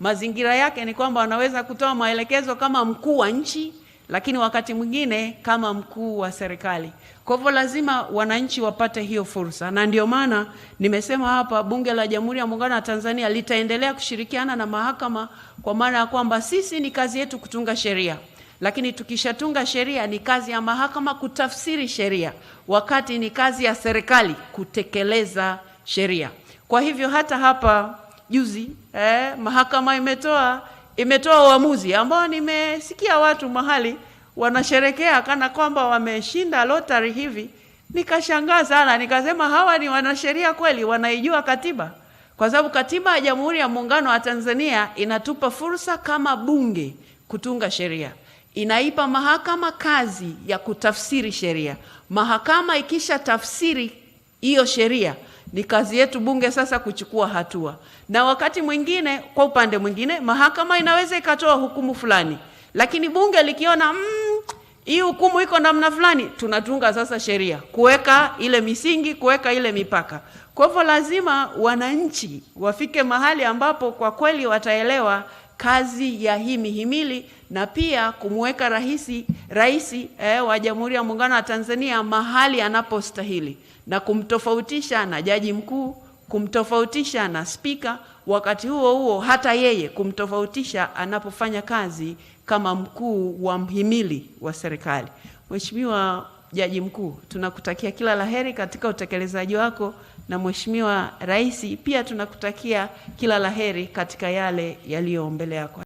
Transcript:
Mazingira yake ni kwamba anaweza kutoa maelekezo kama mkuu wa nchi, lakini wakati mwingine kama mkuu wa serikali. Kwa hivyo lazima wananchi wapate hiyo fursa, na ndio maana nimesema hapa, Bunge la Jamhuri ya Muungano wa Tanzania litaendelea kushirikiana na mahakama, kwa maana ya kwamba sisi ni kazi yetu kutunga sheria lakini tukishatunga sheria ni kazi ya mahakama kutafsiri sheria, wakati ni kazi ya serikali kutekeleza sheria. Kwa hivyo hata hapa juzi eh, mahakama imetoa imetoa uamuzi ambao nimesikia watu mahali wanasherekea kana kwamba wameshinda lotari hivi. Nikashangaa sana, nikasema hawa ni wanasheria kweli, wanaijua katiba? Kwa sababu katiba ya Jamhuri ya Muungano wa Tanzania inatupa fursa kama bunge kutunga sheria, inaipa mahakama kazi ya kutafsiri sheria. Mahakama ikisha tafsiri hiyo sheria ni kazi yetu bunge sasa kuchukua hatua, na wakati mwingine, kwa upande mwingine, mahakama inaweza ikatoa hukumu fulani, lakini bunge likiona mm, hii hukumu iko namna fulani, tunatunga sasa sheria kuweka ile misingi, kuweka ile mipaka. Kwa hivyo lazima wananchi wafike mahali ambapo kwa kweli wataelewa kazi ya hii mihimili na pia kumweka rahisi rais eh, wa Jamhuri ya Muungano wa Tanzania mahali anapostahili na kumtofautisha na jaji mkuu, kumtofautisha na spika, wakati huo huo hata yeye kumtofautisha anapofanya kazi kama mkuu wa mhimili wa serikali. Mheshimiwa Jaji Mkuu, tunakutakia kila laheri katika utekelezaji wako, na Mheshimiwa Rais pia tunakutakia kila laheri katika yale yaliyo mbele yako.